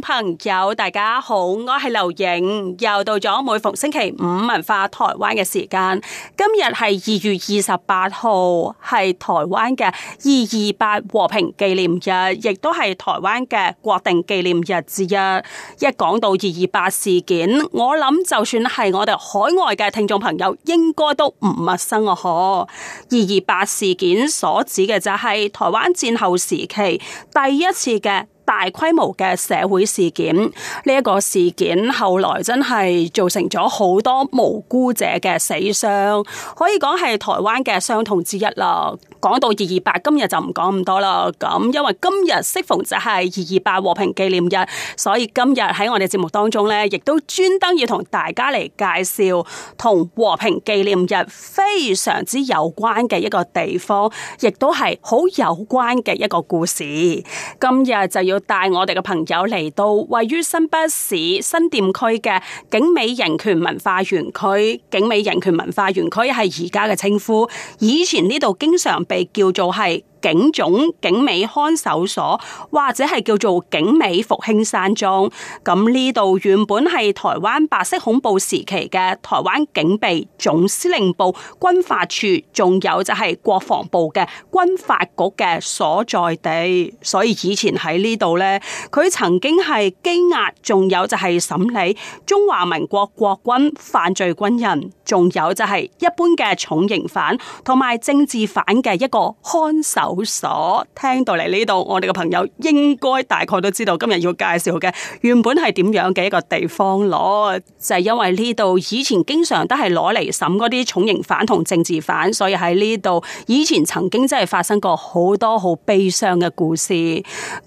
朋友，大家好，我係劉穎，又到咗每逢星期五文化台灣嘅時間。今日係二月二十八號，係台灣嘅二二八和平紀念日，亦都係台灣嘅國定紀念日之一。一講到二二八事件，我諗就算係我哋海外嘅聽眾朋友，應該都唔陌生啊！嗬，二二八事件所指嘅就係台灣戰後時期第一次嘅大規模嘅社會。事件呢一，這個事件後來真係造成咗好多無辜者嘅死傷，可以講係台灣嘅傷痛之一啦。講到二二八，今日就唔講咁多啦。咁因為今日適逢就係二二八和平紀念日，所以今日喺我哋節目當中咧，亦都專登要同大家嚟介紹同和和平紀念日非常之有關嘅一個地方，亦都係好有關嘅一個故事。今日就要帶我哋嘅朋友嚟到位於新北市新店區嘅景美人權文化園區，景美人權文化園區係而家嘅稱呼，以前呢度經常被叫做係，警總景美看守所，或者係叫做景美復興山莊。咁呢度原本係台灣白色恐怖時期嘅台灣警備總司令部軍法處，仲有就係國防部嘅軍法局嘅所在地。所以以前喺呢度呢，佢曾經係羈押，仲有就係審理中華民國國軍犯罪軍人，仲有就係一般嘅重刑犯同埋政治犯嘅一個看守。好傻，聽到嚟呢度，我哋嘅朋友應該大概都知道今日要介紹嘅原本係點樣嘅一個地方囉，就係因為呢度以前經常都係攞嚟審嗰啲重刑犯同政治犯，所以喺呢度以前曾經真係發生過好多好悲傷嘅故事。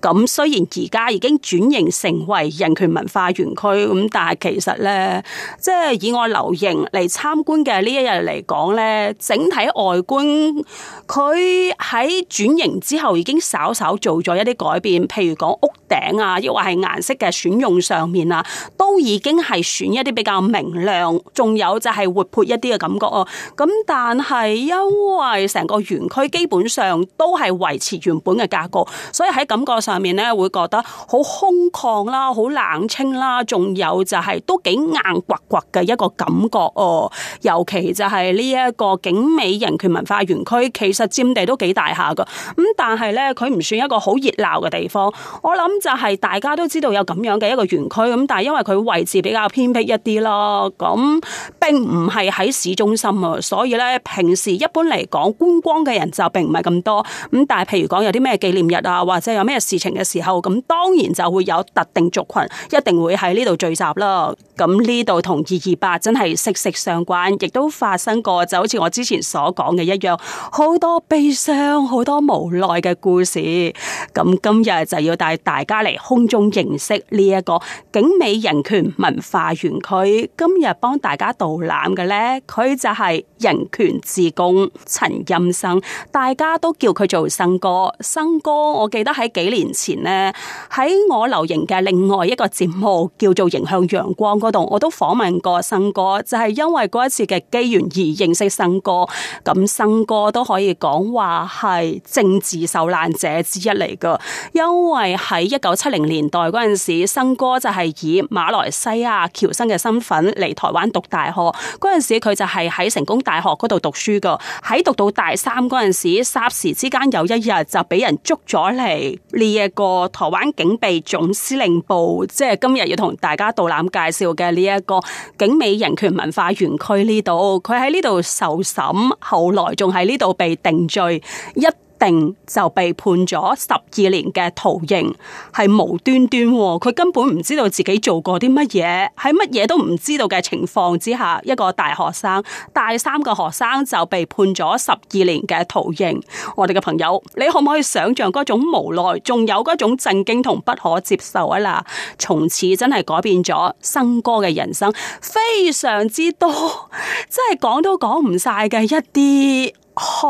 咁雖然而家已經轉型成為人權文化園區，咁但係其實呢，即係以我流形嚟參觀嘅呢一日嚟講呢，整體外觀佢喺。轉型之後已經稍稍做咗一啲改變，譬如講屋頂啊，抑或係顏色嘅選用上面啊，都已經係選一啲比較明亮，仲有就係活潑一啲嘅感覺哦、啊。咁但係因為成個園區基本上都係維持原本嘅格局，所以喺感覺上面咧會覺得好空曠啦、啊，好冷清啦、啊，仲有就係都幾硬掘掘嘅一個感覺哦、啊。尤其就係呢一個景美人權文化園區，其實佔地都幾大下。咁，但係咧，佢唔算一個好熱鬧嘅地方。我諗就係大家都知道有咁樣嘅一個園區，咁但係因為佢位置比較偏僻一啲咯，咁並唔係喺市中心啊，所以咧平時一般嚟講觀光嘅人就並唔係咁多。咁但係譬如講有啲咩紀念日啊，或者有咩事情嘅時候，咁當然就會有特定族群一定會喺呢度聚集啦。咁呢度同二二八真係息息相關，亦都發生過，就好似我之前所講嘅一樣，好多悲傷，好。多無奈嘅故事，咁今日就要帶大家嚟空中認識呢一個景美人權文化園區。今日幫大家導覽嘅呢，佢就係、是。人權志工陳欽生，大家都叫佢做生哥。生哥，我記得喺幾年前呢，喺我留營嘅另外一個節目叫做《迎向陽光》嗰度，我都訪問過生哥。就係、是、因為嗰一次嘅機緣而認識生哥。咁生哥都可以講話係政治受難者之一嚟㗎，因為喺一九七零年代嗰陣時，生哥就係以馬來西亞僑生嘅身份嚟台灣讀大學。嗰陣時佢就係喺成功。大學嗰度讀書噶，喺讀到大三嗰陣時，霎時之間有一日就俾人捉咗嚟呢一個台灣警備總司令部，即係今日要同大家導覽介紹嘅呢一個景美人權文化園區呢度。佢喺呢度受審，後來仲喺呢度被定罪一。定就被判咗十二年嘅徒刑。係無端端，佢根本唔知道自己做過啲乜嘢，喺乜嘢都唔知道嘅情況之下，一個大學生大三個學生就被判咗十二年嘅徒刑。我哋嘅朋友，你可唔可以想象嗰種無奈，仲有嗰種震驚同不可接受啊？嗱，從此真係改變咗生哥嘅人生，非常之多，真係講都講唔晒嘅一啲。好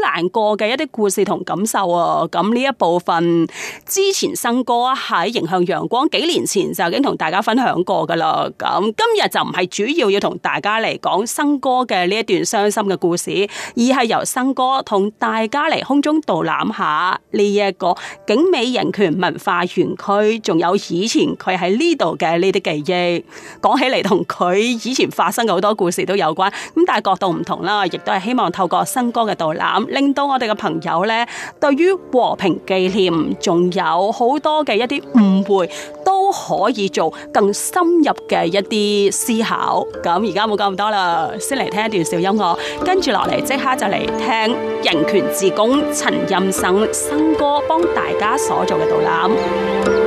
難過嘅一啲故事同感受啊！咁呢一部分之前生哥喺迎向陽光幾年前就已經同大家分享過噶啦。咁今日就唔係主要要同大家嚟講生哥嘅呢一段傷心嘅故事，而係由生哥同大家嚟空中導覽下呢一個景美人權文化園區，仲有以前佢喺呢度嘅呢啲記憶。講起嚟同佢以前發生嘅好多故事都有關，咁但係角度唔同啦，亦都係希望透過生。歌嘅導覽，令到我哋嘅朋友呢，對於和平紀念，仲有好多嘅一啲誤會，都可以做更深入嘅一啲思考。咁而家冇咁多啦，先嚟聽一段小音樂，跟住落嚟即刻就嚟聽人權志工陳任生新歌幫大家所做嘅導覽。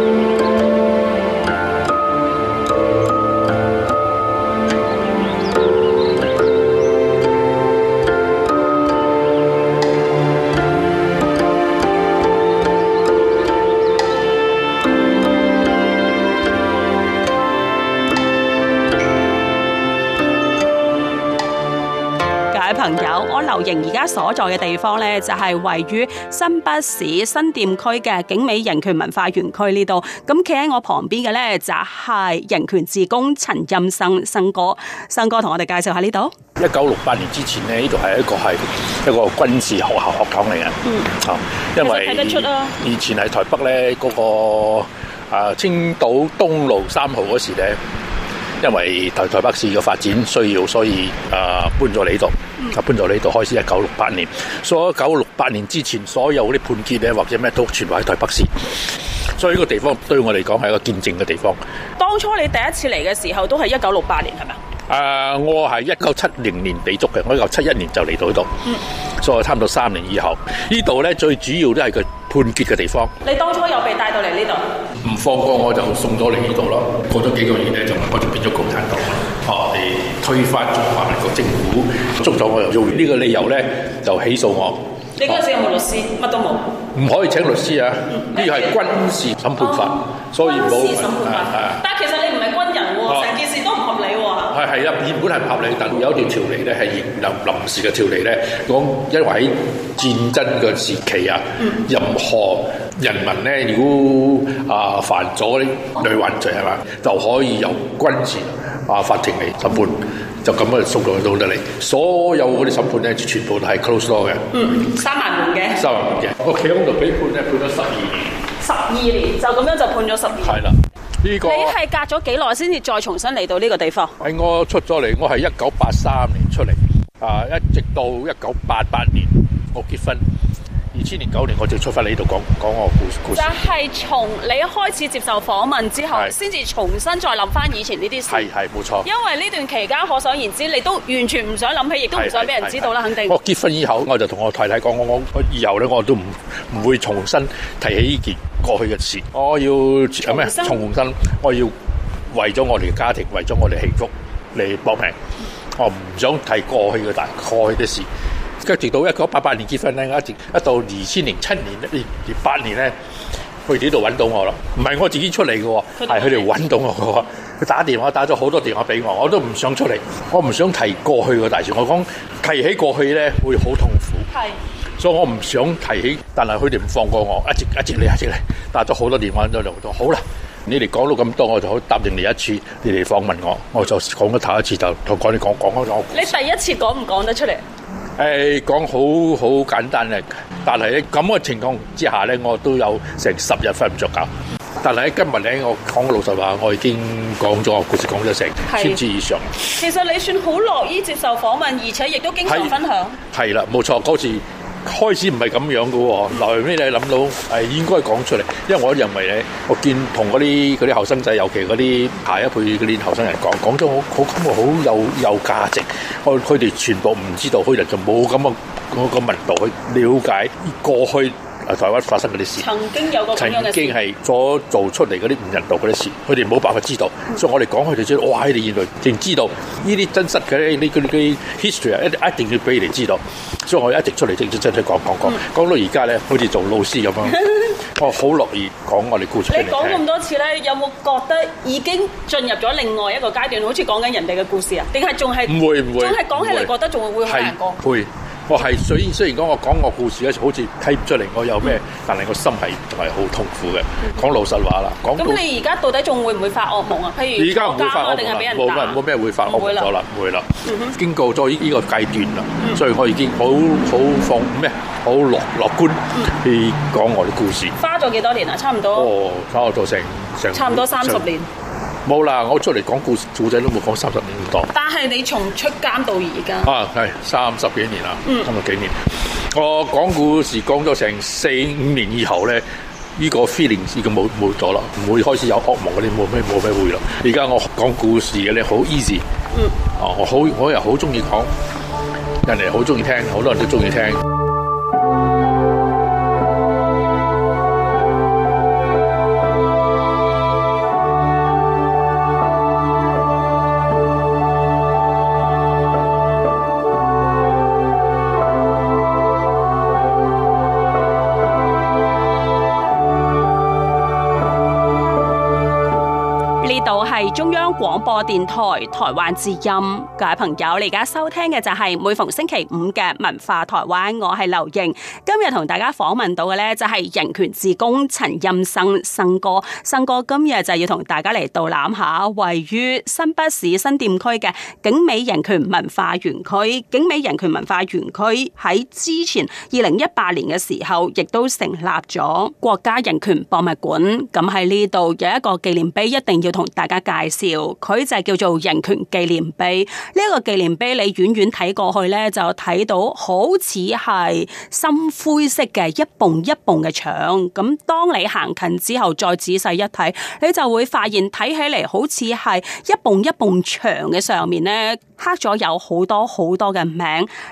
營而家所在嘅地方呢，就係位於新北市新店區嘅景美人權文化園區呢度。咁企喺我旁邊嘅呢，就係人權志工陳任生，生哥，生哥同我哋介紹下呢度。一九六八年之前呢，呢度係一個係一個軍事學校學堂嚟嘅。嗯，因為睇得出啦。以前喺台北呢，嗰個啊青島東路三號嗰時呢。因為台台北市嘅發展需要，所以啊、呃、搬咗嚟呢度，啊、嗯、搬咗嚟呢度開始一九六八年。所，一九六八年之前所有啲判決，咧或者咩都全部喺台北市，所以呢個地方對我嚟講係一個見證嘅地方。當初你第一次嚟嘅時候都係一九六八年係咪啊？誒、uh，我係一九七零年被捉嘅，我一九七一年就嚟到呢度，嗯、所以差唔多三年以後，呢度咧最主要都係佢判決嘅地方。你當初有被帶到嚟呢度。唔放過我就送咗嚟呢度咯。過咗幾個月咧，就我就變咗共產黨，哦、啊，嚟、嗯、推翻咗中華民國政府，捉咗我又用呢個理由咧就起訴我。你嗰時有冇律師？乜都冇？唔可以請律師啊！呢個係軍事審判法，嗯、所以冇、嗯。軍事審判法，啊、但係其實你唔係軍人喎、啊。啊係係啊，原本係合理，但有一條條例咧係沿用臨時嘅條例咧，講因為喺戰爭嘅時期啊，嗯、任何人民咧，如果啊犯咗啲罪犯罪係嘛，就可以由軍事啊、呃、法庭嚟審判，就咁樣送到去到得嚟。所有嗰啲審判咧，全部都係 close door 嘅。嗯，三萬五嘅，三萬五嘅。我企喺度俾判咧判咗十二年，十二年就咁樣就判咗十二年。係啦。呢、這個你係隔咗幾耐先至再重新嚟到呢個地方？係我出咗嚟，我係一九八三年出嚟，啊，一直到一九八八年我結婚。二千年九年，我就出返嚟呢度講講我故故事。但係從你開始接受訪問之後，先至對重新再諗翻以前呢啲事。係係冇錯。因為呢段期間，可想而知，你都完全唔想諗起，亦都唔想俾人知道啦。肯定。我結婚以後，我就同我太太講：我我以後咧，我都唔唔會重新提起呢件過去嘅事。我要咩新？重新，我要為咗我哋嘅家庭，為咗我哋幸福嚟搏命。我唔想提過去嘅，大過去嘅事。直到一九八八年結婚咧，一直一到二千零七年，二二八年咧，去呢度揾到我咯。唔係我自己出嚟嘅，係佢哋揾到我嘅。佢打電話打咗好多電話俾我，我都唔想出嚟，我唔想提過去嘅大事。我講提起過去咧，會好痛苦。係是，所以我唔想提起。但係佢哋唔放過我，一直一直嚟，一直嚟，打咗好多電話，都留佢，好啦，你哋講到咁多，我就好答應你一次。你哋訪問我，我就講咗頭一次就同講你講講。你第一次講唔講得出嚟？誒，講好好簡單咧，但係咧咁嘅情況之下咧，我都有成十日瞓唔着覺。但係喺今日咧，我講個老實話，我已經講咗個故事，講咗成千字以上。其實你算好樂意接受訪問，而且亦都經常分享。係啦，冇錯，嗰次。開始唔係咁樣嘅，來尾你諗到係應該講出嚟，因為我都認為咧，我見同嗰啲啲後生仔，尤其嗰啲下一輩嗰啲後生人講，講咗我，我感覺好有有價值，我佢哋全部唔知道，佢哋就冇咁嘅嗰個密度去了解過去。台灣發生嗰啲事，曾經有個事曾經係所做出嚟嗰啲唔人道嗰啲事，佢哋冇辦法知道，所以我哋講佢哋知道。哇！你現在淨知道呢啲真實嘅呢啲 history 一一定要俾你哋知道。所以我一直出嚟真真真真講講講，講、嗯、到而家咧，好似做老師咁樣， 我好樂意講我哋故事你。你講咁多次咧，有冇覺得已經進入咗另外一個階段，好似講緊人哋嘅故事啊？定係仲係會唔會仲係講起嚟覺得仲會過會好難過？我係，所以雖然講我講個故事咧，好似睇唔出嚟我有咩，嗯、但係我心係係好痛苦嘅。講老實話啦。講咁你而家到底仲會唔會發噩夢啊？譬如，而家唔會發噩夢啦，冇乜冇咩會發噩夢啦，唔會啦，經過咗呢呢個階段啦，嗯、所以我已經好好放咩，好樂樂觀去講我啲故事。嗯、花咗幾多年啊？差唔多哦，差唔多成成差唔多三十年。冇啦，我出嚟講故事故仔都冇講三十年咁多。但係你從出監到而家啊，係三十幾年啦，咁、嗯、三十幾年。我講故事講咗成四五年以後咧，呢、這個 feeling 已經冇冇咗啦，唔會開始有惡夢嗰啲冇咩冇咩會啦。而家我講故事嘅咧好 easy，哦，我好我又好中意講，人哋好中意聽，好多人都中意聽。廣播電台。台灣之音，各位朋友，你而家收聽嘅就係每逢星期五嘅文化台灣，我係劉瑩，今日同大家訪問到嘅咧就係人權志工陳任生，生哥，生哥今日就要同大家嚟到攬下位於新北市新店區嘅景美人權文化園區。景美人權文化園區喺之前二零一八年嘅時候，亦都成立咗國家人權博物館。咁，喺呢度有一個紀念碑，一定要同大家介紹，佢就係叫做人權。紀念碑呢，一個紀念碑，這個紀念碑你遠遠睇過去呢，就睇到好似係深灰色嘅一縫一縫嘅牆。咁當你行近之後，再仔細一睇，你就會發現睇起嚟好似係一縫一縫牆嘅上面呢，刻咗有好多好多嘅名。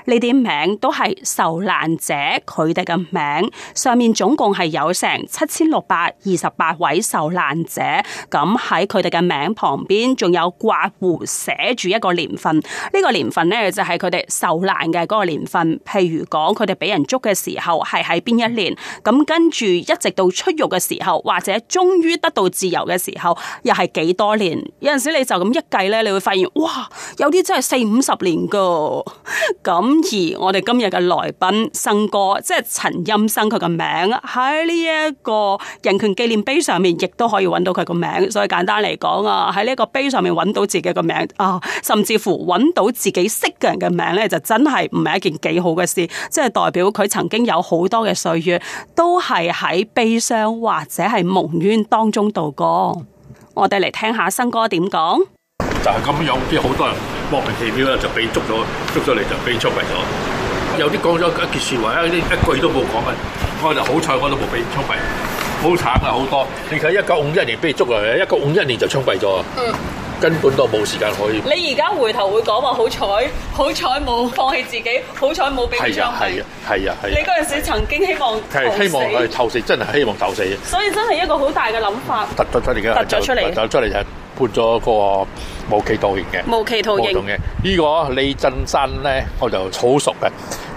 呢啲名都係受難者佢哋嘅名。上面總共係有成七千六百二十八位受難者。咁喺佢哋嘅名旁邊，仲有刮胡。寫住一個年份，呢、這個年份呢就係佢哋受難嘅嗰個年份。譬如講，佢哋俾人捉嘅時候係喺邊一年，咁跟住一直到出獄嘅時候，或者終於得到自由嘅時候，又係幾多年？有陣時你就咁一計呢，你會發現哇，有啲真係四五十年噶。咁而我哋今日嘅來賓，生哥，即係陳欽生，佢個名喺呢一個人權紀念碑上面，亦都可以揾到佢個名。所以簡單嚟講啊，喺呢個碑上面揾到自己個名。啊、哦，甚至乎揾到自己識嘅人嘅名咧，就真係唔係一件幾好嘅事，即係代表佢曾經有好多嘅歲月都係喺悲傷或者係蒙冤當中度過。我哋嚟聽下新哥點講，就係咁樣，啲好多人莫名其妙就被捉咗，捉咗嚟就被槍斃咗。有啲講咗一句說話，有啲一句都冇講啊。我就好彩，我都冇俾槍斃，好慘啊！好多，你睇一九五一年被捉落嚟，一九五一年就槍斃咗。嗯根本都冇時間可以。你而家回頭會講話好彩，好彩冇放棄自己，好彩冇俾佢。啊，係啊，係。你嗰陣時曾經希望，係希望我係投死，真係希望投死。所以真係一個好大嘅諗法。突咗出嚟嘅，突咗出嚟，突咗出嚟就係判咗個無期徒刑嘅。無期徒刑。呢個李振山咧，我就好熟嘅。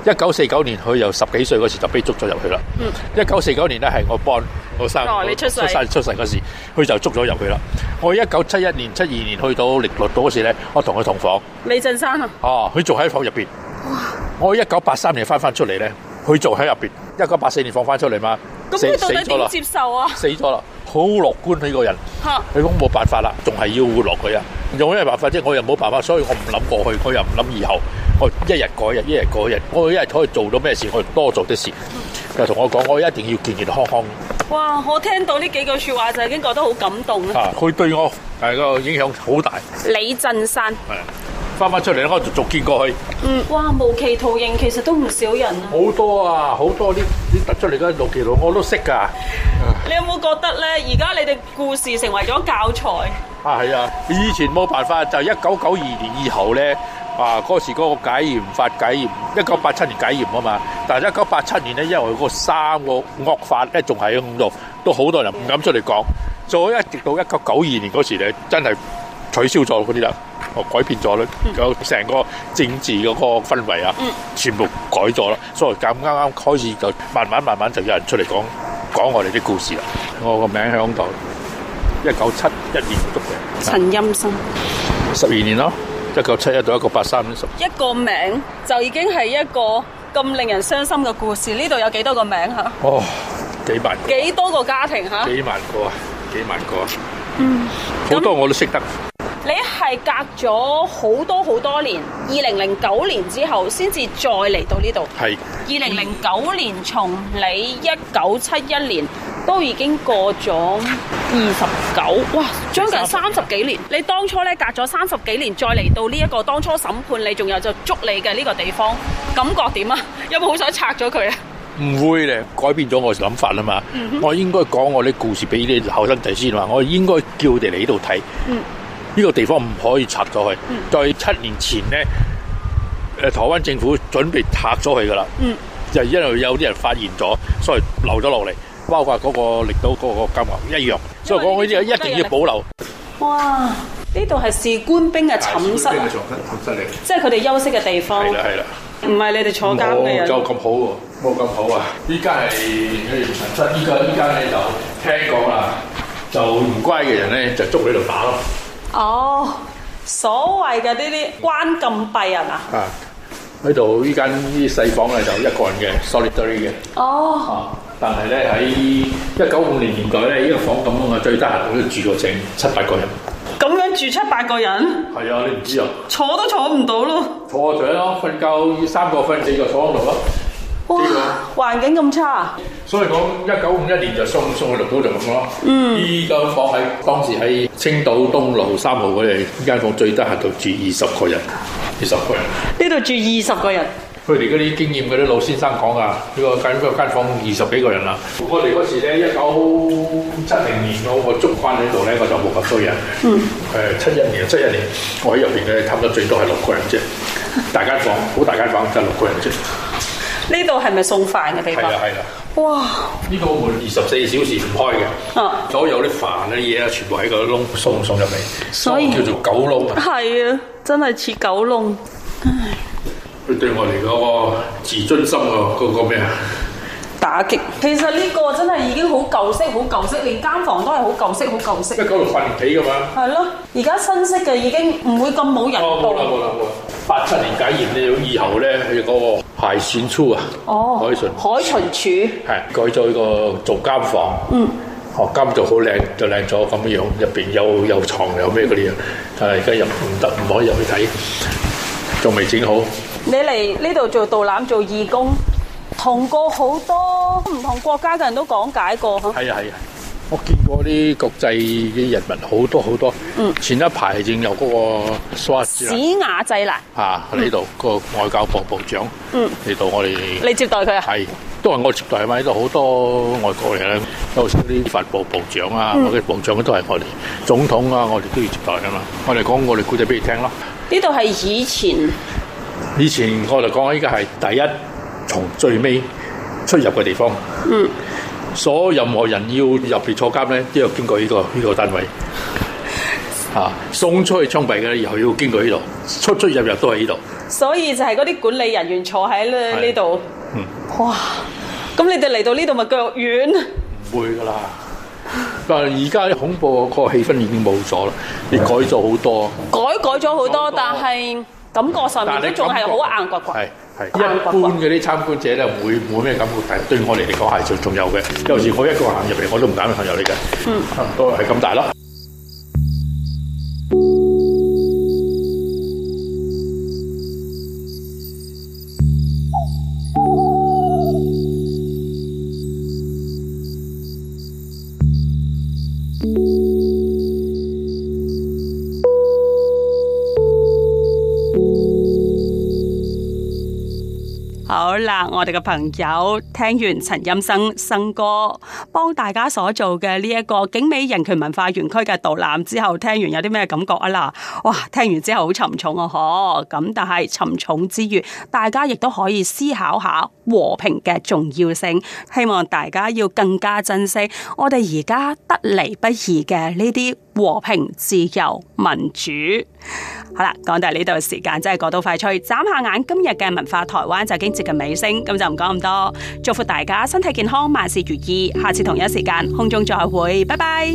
一九四九年，佢由十幾歲嗰時就被捉咗入去啦。一九四九年咧，係我幫我三、oh, 出生出世嗰時，佢就捉咗入去啦。我一九七一年、七二年去到力律島嗰時咧，我同佢同房。李振山啊？哦、啊，佢做喺房入邊。哇！我一九八三年翻翻出嚟咧，佢做喺入邊。一九八四年放翻出嚟嘛，咁死死咗啦，接受啊，死咗啦，好樂觀呢個人。吓，佢講冇辦法啦，仲係要活落去啊，用咩辦法啫？我又冇辦法，所以我唔諗過去，我又唔諗以後。我一日過一日，一日過一日，我一日可以做到咩事，我多做啲事。就同我講，我一定要健健康康。哇！我聽到呢幾句説話就已經覺得好感動啦。啊，佢對我係個影響好大。李振山。係。翻翻出嚟，我逐逐見過去。嗯。哇！無期徒刑其實都唔少人。好多啊，好多啲啲突出嚟嘅無期徒刑，我都識㗎。你有冇覺得咧？而家你哋故事成為咗教材。啊，係啊！以前冇辦法，就一九九二年以後咧。啊！嗰時嗰個解嚴法解嚴，一九八七年解嚴啊嘛。但係一九八七年咧，因為佢嗰三個惡法咧，仲喺度，都好多人唔敢出嚟講。再一直到一九九二年嗰時咧，真係取消咗嗰啲啦，哦，改變咗啦，成個政治嗰個氛圍啊，全部改咗啦。所以咁啱啱開始就慢慢慢慢就有人出嚟講講我哋啲故事啦。我個名喺度，一九七一年捉嘅陳欽生，十二年咯。一九七一到一九八三五十，一個名就已經係一個咁令人傷心嘅故事。呢度有幾多個名吓？哦，幾萬、啊，幾多個家庭吓、啊？幾萬個，啊？幾萬個、啊。嗯，好多我都識得。你係隔咗好多好多年，二零零九年之後先至再嚟到呢度。係的。二零零九年，從你一九七一年。都已經過咗二十九，哇，將近三十幾年。你當初咧隔咗三十幾年，再嚟到呢一個當初審判你，仲有就捉你嘅呢個地方，感覺點啊？有冇好想拆咗佢啊？唔會咧，改變咗我諗法啊嘛。Mm hmm. 我應該講我啲故事俾你後生仔先嘛。我應該叫佢哋嚟呢度睇。呢、mm hmm. 個地方唔可以拆咗去。Mm hmm. 在七年前咧，誒，台灣政府準備拆咗佢噶啦，就、mm hmm. 因為有啲人發現咗，所以留咗落嚟。包括嗰個力道嗰個交合一樣，所以講呢啲一定要保留。哇！呢度係士官兵嘅寢室，室即係佢哋休息嘅地方。係啦係啦，唔係你哋坐監嘅人。冇就咁好喎，冇咁好，好啊！依間係佢哋嘅寢室，依間依間咧就聽講啦，就唔乖嘅人咧就捉喺度打咯。哦，所謂嘅呢啲關禁閉啊嗱。啊！喺度依間啲細房咧就一個人嘅 solitary 嘅。哦。啊但係咧喺一九五零年代咧，呢、呢個房咁樣嘅最低限度都住過整七八個人。咁樣住七八個人？係啊，你唔知啊？坐都坐唔到咯。坐咗咯，瞓覺，覺三個瞓四個坐喺度咯。哇！哦、環境咁差。所以講一九五一年就送送去綠島就咁咯。嗯。依間房喺當時喺青島東路三號嗰啲間房間最低限度住二十個人。二十個人。呢度住二十個人。佢哋嗰啲經驗嗰啲老先生講啊，呢個計呢間房二十幾個人啦。我哋嗰時咧，一九七零年嗰個租翻呢度咧，我就冇咁多人。嗯。誒、嗯，七一年，七一年，我喺入邊咧，差唔多最多係六個人啫。大間房，好 大間房，真得六個人啫。呢度係咪送飯嘅地方？係啦，係啦、啊。啊、哇！呢度門二十四小時唔開嘅。啊、所有啲飯啲嘢啊，全部喺個窿送送入嚟。所以，所以叫做狗窿。係啊，真係似狗窿。唉。 佢對我嚟講，自尊心啊，嗰、嗰個咩啊？打擊。其實呢個真係已經好舊式，好舊式，連監房都係好舊式，好舊式。即係嗰度瞓起㗎嘛。係咯，而家新式嘅已經唔會咁冇人道。冇啦冇啦冇啦。八七年解嚴你以後咧，佢嗰個海船處啊。哦。海巡海巡署。係改咗個做監房。嗯。哦，監就好靚，就靚咗咁樣樣，入邊有有牀有咩嗰啲啊！有有嗯、但係而家入唔得，唔可以入去睇。仲未整好。你嚟呢度做導覽做義工，同過好多唔同國家嘅人都講解過。係啊係啊，我見過啲國際嘅人民好多好多。嗯，前一排正有嗰個斯斯史瓦濟啦。嚇、啊，呢度個外交部部長。嗯，嚟到我哋。你接待佢啊？係，都係我接待啊嘛。呢度好多外國嚟啦，有啲法部部長啊，或者、嗯、部長都係我哋總統啊，我哋都要接待啊嘛。我哋講我哋故事俾你聽咯。呢度係以前，以前我哋講呢個係第一從最尾出入嘅地方。嗯，所以任何人要入嚟坐監咧，都要經過呢個呢個單位。啊，送出去槍斃嘅又要經過呢度，出出入入都係呢度。所以就係嗰啲管理人員坐喺咧呢度。嗯，哇，咁你哋嚟到呢度咪腳軟？唔會噶啦。但係而家恐怖嗰個氣氛已經冇咗啦，而改咗好多。改改咗好多，多但係感覺上面都仲係好硬刮刮，係係一般嘅啲參觀者咧，唔會冇咩感覺，但係對我嚟嚟講係最重有嘅。嗯、尤其我一個行入嚟，我都唔敢行入嚟嘅。嗯，差唔多係咁大啦。啊、我哋嘅朋友聽完陳欽生先生，幫大家所做嘅呢一個景美人權文化園區嘅導覽之後，聽完有啲咩感覺啊啦？哇，聽完之後好沉重啊嗬！咁但係沉重之餘，大家亦都可以思考下和平嘅重要性，希望大家要更加珍惜我哋而家得嚟不易嘅呢啲。和平、自由、民主，好啦，講到呢度嘅時間真係過到快脆。眨下眼，今日嘅文化台灣就已經接近尾聲，咁就唔講咁多，祝福大家身體健康，萬事如意，下次同一時間，空中再會，拜拜。